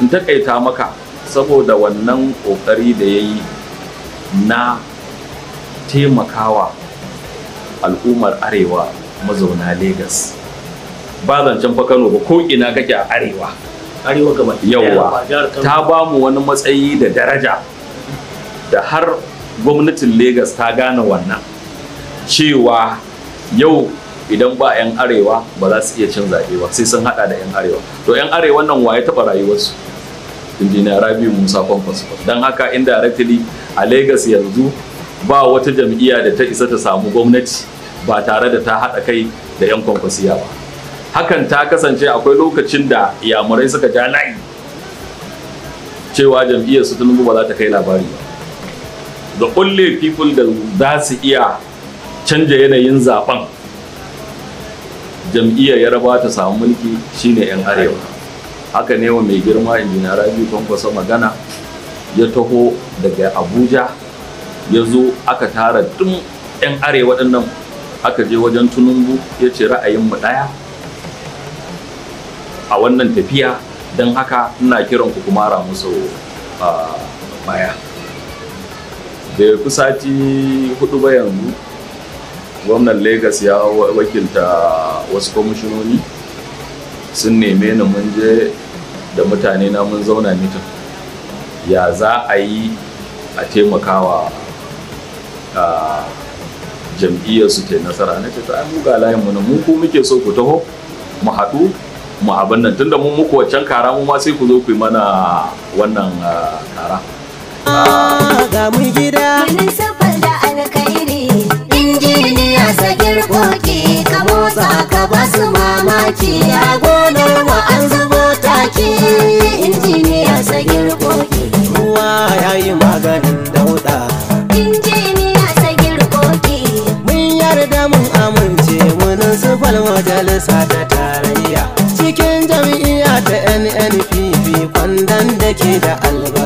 in takaita maka saboda wannan kokari da ya yi na taimakawa al'ummar arewa mazauna Legas. ba zancen fa Kano ba ko ina kake a arewa arewa ta ba mu wani matsayi da daraja da har gwamnatin Legas ta gane wannan cewa yau idan ba 'yan arewa ba za su iya cin zaɓe ba sai sun haɗa da 'yan arewa to 'yan arewa nan ya taɓa rayuwarsu injiniya rabi musa kwankwaso don haka indirectly a lagos yanzu ba wata jam'iyya da ta isa ta samu gwamnati ba tare da ta haɗa kai da 'yan kwankwasiya ba hakan ta kasance akwai lokacin da yamurai suka ja layi cewa jam'iyyar su tunubu ba za ta kai labari ba the only people da za su iya canja yanayin zaben jam'iyyar yaraba ta samu mulki shine 'yan arewa haka ne wa mai girma injiniya rabi kwankwasa magana ya taho daga abuja ya zo aka tara tun 'yan arewa waɗannan. aka je wajen tunumbu ya ce mu ɗaya a wannan tafiya don haka ina kiran ku kuma ra musu baya da ku sati hudu ba yanzu gwamnan Legas ya wakilta wasu kwamishinoni sun neme ni mun je da mutane na mun zauna mitin ya za a yi a taimakawa jam'iyyar su ke nasara na ce ta mu layin mu mu ko muke so ku taho mu haɗu mu abin nan tunda mun muku waccan kara mu ma sai ku zo ku yi mana wannan kara ah, ga mu gida wani basu mamaki principal majalisa ta tarayya cikin jam'iyya ta nnpp kwandon da ke da alba